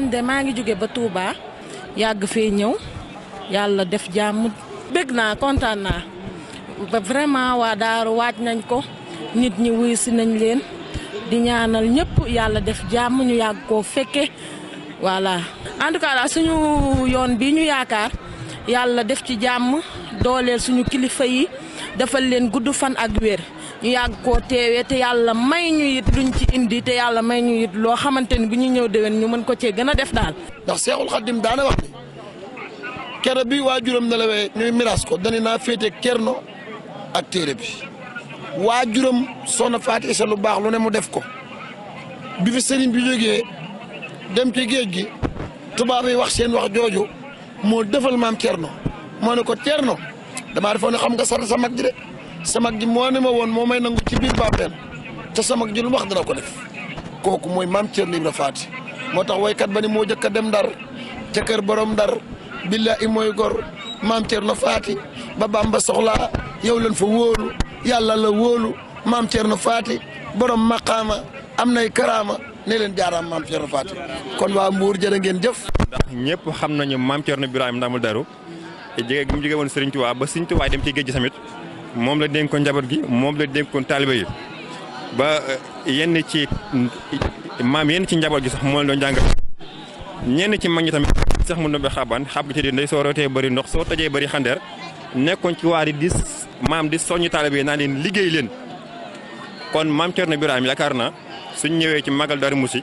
man maa ngi jóge ba Touba yàgg fee ñëw yàlla def jàmm bëgg naa kontaan ba vraiment waa daaru waaj nañ ko nit ñi wuy si nañ leen di ñaanal ñëpp yàlla def jàmm ñu yàgg koo fekke voilà en daal suñu yoon bi ñu yaakaar yàlla def ci jàmm dooleel suñu kilifa yi defal leen gudd fan ak weer ñu yàgg koo teewee te yàlla may ñu it luñ ci indi te yàlla may ñu yit loo xamante ni bu ñu ñëw déwén ñu mën ko cee gën a def daal. ndax Seexul Xadim daana wax ni kere bi waajuram nelawee ñuy miraas ko dani naa féete kerno ak téere bi waajuram soxna Faati Isa lu baax lu ne mu def ko bi fi sëriñ bi jógee dem ci géej gi tubaab yi wax seen wax jooju moo defal maam Cerno moo ne ko Cerno dama defo ne xam nga sar sama gi de sama gi mo ne ma won moo may nangu ci bir babel te sama gi lu wax dara ko def koku moy mam Thierno Ibra fati motax way kat bani mo jekk dem dar ci keur borom dar, billahi moy gor maam Thierno fati ba Bamba soxlaa yow lan fa wolu yalla la wolu mam fati borom maqama amnay karama ne len jaram mam Thierno fati kon wa Mbour jere ngeen def ndax xam nañu mam ibrahim Ndamul Daru te jege bu mu jege woon Serigne ba Serigne Touba dem ci géej gi tamit moom la dénkoon njaboot gi moom la dénkoon taaliba yi ba eh, yenn ci maam yenn ci njaboot gi sax moo leen doon jàngal ñenn ci mag ñi tamit sax mu nobe xaban xab ci di ndey soo rootee bari ndox soo tajee bëri xandeer nekkoon ci waar yi di maam di soññi taaliba yi naa leen liggéey leen kon maam Thierno Birahim yaakaar na suñ ñëwee ci magal Darou Moussi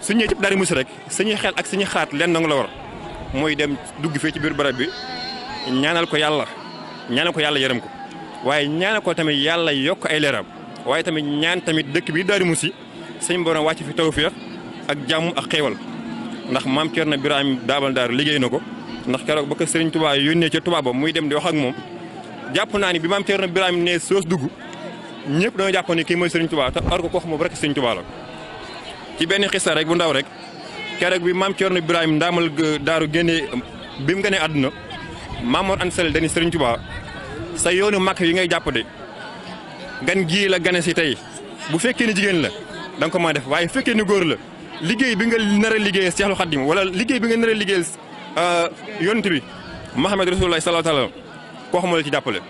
suñ ñëwee ci Darou Moussi rek suñuy xel ak suñu xaat leen nangu la war mooy dem dugg fii ci biir barab bi ñaanal ko yàlla ñaanal ko yàlla yërëm ko waaye ñaanal ko tamit yàlla yokk ay leeram waaye tamit ñaan tamit dëkk bi Daaru Musi sëñ borom wàcc fi tawfeex ak jàmm ak xéewal ndax maam Cerno Birahim Daabal Daaru liggéey na ko ndax keroog ba ko sëriñ Tuubaa ne ca Tuubaa ba muy dem di wax ak moom jàpp naa ni bi maam Cerno Birahim ne soos dugg ñëpp dañoo jàpp ne kii mooy sëriñ Tuubaa te ar ko koo moom rek sëriñ Tuubaa ci benn xista rek bu ndaw rek keroog bi maam Thierno Ibrahima ndaamal euh, daaru génnee bi mu gënee àdduna Maamoor Anta Sall dañuy Sëriñ Tuubaa sa yoonu màkk yi ngay jàpp de gan gii la gane si tey bu fekkee ni jigéen la danga ko mën def waaye bu fekkee ni góor la liggéey bi nga nar a liggéeyal Seexul Xadiim wala liggéey bi nga nar a liggéeyal euh, bi Muhammad Rasulullah sallallahu alayhi wa sallam koo xam la ci jàppale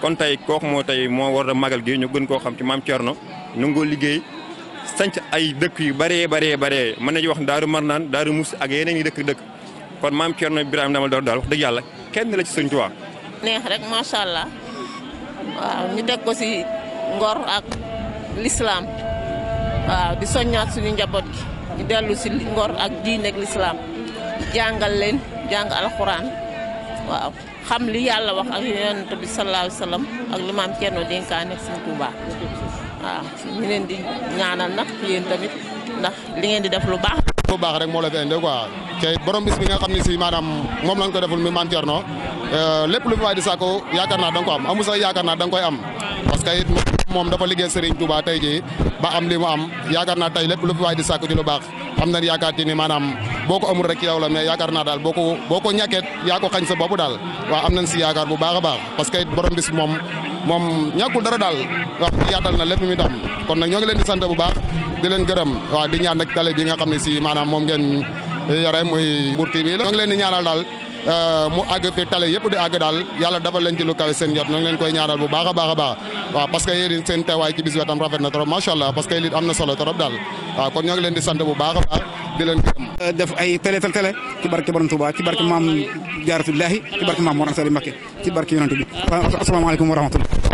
kon tey kooku moo tey moo war a magal gi ñu gën koo xam ci maam Thierno ñu ngi liggéey. sanc ay dëkk yu bëree bëree bëree mën nañu wax daaru marnaan daaru mus ak yeneen yi dëkk dëkk kon maam Thierno Birahim Ndamal Daaru daal wax dëgg yàlla kenn la ci sëñ Tuubaa neex rek macha allah waaw ñu teg ko si ngor ak lislaam waaw di soññaat suñu njaboot gi ñu dellu si ngor ak diine ak lislaam jàngal leen jàng alxuraan waaw xam li yàlla wax ak yonent bi sallallahu alayhi ak li maam Thierno dénkaane ak sëñ Tuubaa waaw ñu leen di ñaanal nag yéen tamit ndax li ngeen di def lu baax lu baax rek moo la fi indi quoi te borom bis bi nga xam ne si maanaam moom lañ ko deful mi maam Thierno euh, lépp lu fi di sàkku yaakaar naa da ko am amu sax yaakaar naa da koy am parce que it moom dafa liggéey Serigne Touba tey jii ba am li mu am yaakaar naa tey lépp lu fi di sàkku ci lu baax am na yaakaar ci ni maanaam boo ko amul rek yow la mais yaakaar naa daal boo ko boo ko ko xañ sa bopp daal waaw am nañ si yaakaar bu baax a baax parce que it borom bis moom moom ñàkkul dara daal wax yaatal na lépp mi dam kon nag ñoo leen di sant bu baax di leen gërëm waaw di ñaan nag tale bi nga xam ne si maanaam moom ngeen yore muy Mbour TV la ñoo ngi leen di ñaanal daal euh, mu àgg fi tale yëpp di àgg daal yàlla dafa leen ci kawe seen jot ñoo leen koy ñaanal bu baax a baax a baax waaw parce que yéen seen teewaay ci bis bi tam rafet na trop macha allah parce que li am na solo trop daal waaw kon ñoo leen di sant bu baax a baax def ay télé télé ci barke Borom Touba ci barke maam Jaaratullaahi ci barke maam Mor Anta Sali Mbacké ci barke yonent bi asalaamaaleykum wa rahmatullah